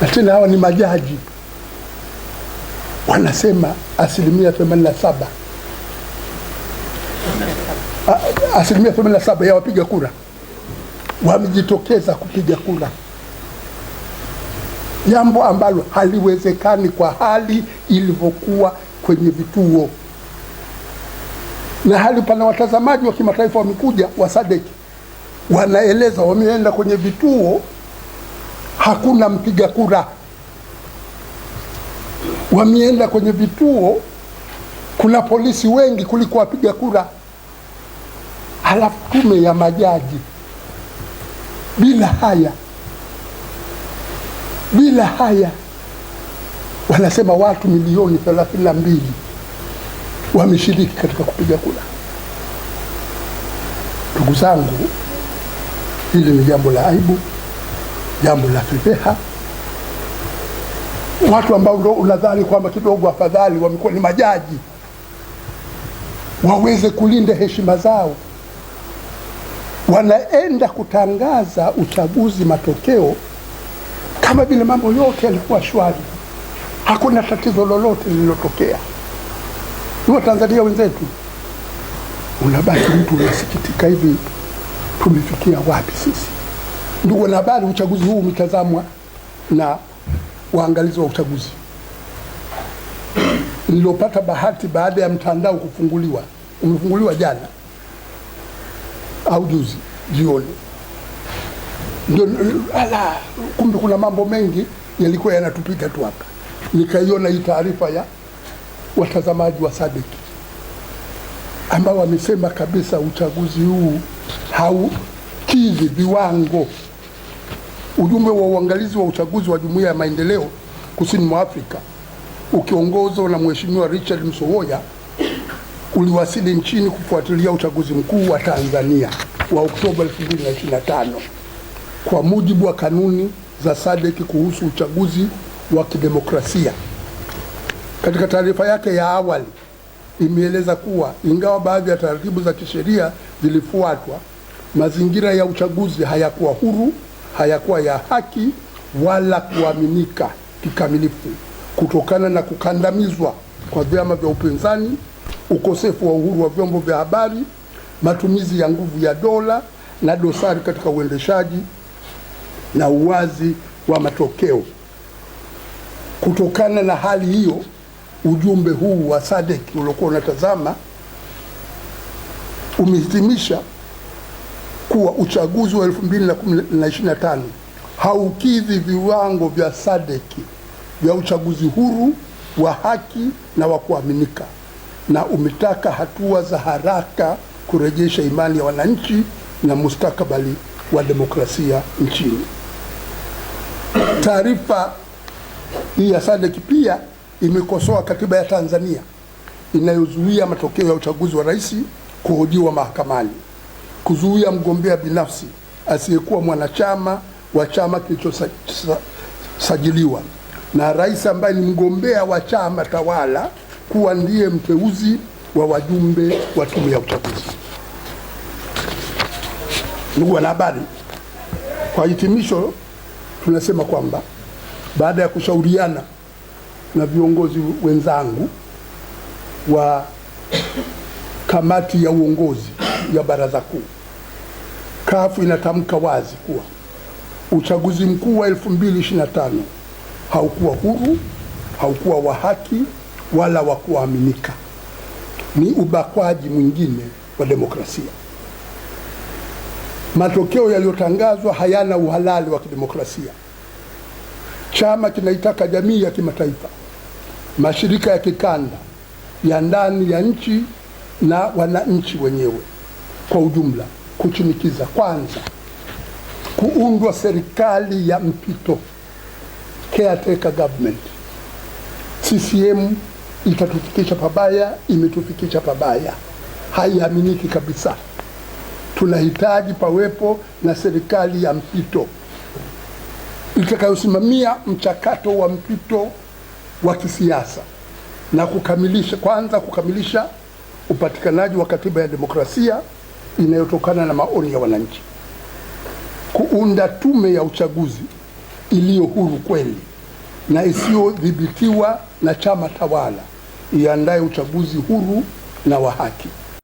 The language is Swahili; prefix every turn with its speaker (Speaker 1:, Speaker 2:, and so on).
Speaker 1: na tena hawa ni majaji wanasema asilimia saba asilimia saba ya wapiga kura wamejitokeza kupiga kura, jambo ambalo haliwezekani kwa hali ilivyokuwa kwenye vituo na hali pana. Watazamaji wa kimataifa wamekuja wa SADC wanaeleza, wameenda kwenye vituo hakuna mpiga kura. Wameenda kwenye vituo, kuna polisi wengi kuliko wapiga kura. Halafu tume ya majaji bila haya, bila haya, wanasema watu milioni thelathini na mbili wameshiriki katika kupiga kura. Ndugu zangu, hili ni jambo la aibu jambo la fedheha. Watu ambao unadhani kwamba kidogo afadhali wamekuwa ni majaji, waweze kulinda heshima zao, wanaenda kutangaza uchaguzi matokeo kama vile mambo yote yalikuwa shwari, hakuna tatizo lolote lililotokea. Ni Tanzania wenzetu, unabaki mtu unasikitika, hivi tumefikia wapi sisi? Ndugu wanahabari, uchaguzi huu umetazamwa na waangalizi wa uchaguzi. Nilopata bahati baada ya mtandao kufunguliwa, umefunguliwa jana au juzi jioni, ndio ala, kumbe kuna mambo mengi yalikuwa yanatupiga tu hapa. Nikaiona hii taarifa ya watazamaji wa Sadiki ambao wamesema kabisa uchaguzi huu haukidhi viwango Ujumbe wa uangalizi wa uchaguzi wa Jumuiya ya Maendeleo Kusini mwa Afrika ukiongozwa na Mheshimiwa Richard Msowoya uliwasili nchini kufuatilia uchaguzi mkuu wa Tanzania wa Oktoba 2025 kwa mujibu wa kanuni za SADC kuhusu uchaguzi wa kidemokrasia. Katika taarifa yake ya awali imeeleza kuwa ingawa baadhi ya taratibu za kisheria zilifuatwa, mazingira ya uchaguzi hayakuwa huru hayakuwa ya haki wala kuaminika kikamilifu kutokana na kukandamizwa kwa vyama vya upinzani, ukosefu wa uhuru wa vyombo vya habari, matumizi ya nguvu ya dola na dosari katika uendeshaji na uwazi wa matokeo. Kutokana na hali hiyo, ujumbe huu wa SADC uliokuwa unatazama umehitimisha kuwa uchaguzi wa 2025 haukidhi viwango vya sadeki vya uchaguzi huru wa haki na wa kuaminika, na umetaka hatua za haraka kurejesha imani ya wananchi na mustakabali wa demokrasia nchini. Taarifa hii ya SADC pia imekosoa katiba ya Tanzania inayozuia matokeo ya uchaguzi wa rais kuhojiwa mahakamani kuzuia mgombea binafsi asiyekuwa mwanachama wa chama kilichosajiliwa na rais ambaye ni mgombea wa chama tawala kuwa ndiye mteuzi wa wajumbe wa tume ya uchaguzi. Ndugu wanahabari, kwa hitimisho, tunasema kwamba baada ya kushauriana na viongozi wenzangu wa kamati ya uongozi ya Baraza Kuu kafu inatamka wazi kuwa uchaguzi mkuu wa 2025 haukuwa huru, haukuwa wa haki wala wa kuaminika. Ni ubakwaji mwingine wa demokrasia. Matokeo yaliyotangazwa hayana uhalali wa kidemokrasia. Chama kinaitaka jamii ya kimataifa, mashirika ya kikanda, ya ndani ya nchi na wananchi wenyewe kwa ujumla kushinikiza kwanza kuundwa serikali ya mpito caretaker government. CCM itatufikisha pabaya, imetufikisha pabaya, haiaminiki kabisa. Tunahitaji pawepo na serikali ya mpito itakayosimamia mchakato wa mpito wa kisiasa na kukamilisha kwanza, kukamilisha upatikanaji wa katiba ya demokrasia inayotokana na maoni ya wananchi, kuunda tume ya uchaguzi iliyo huru kweli na isiyodhibitiwa na chama tawala, iandaye uchaguzi huru na wa haki.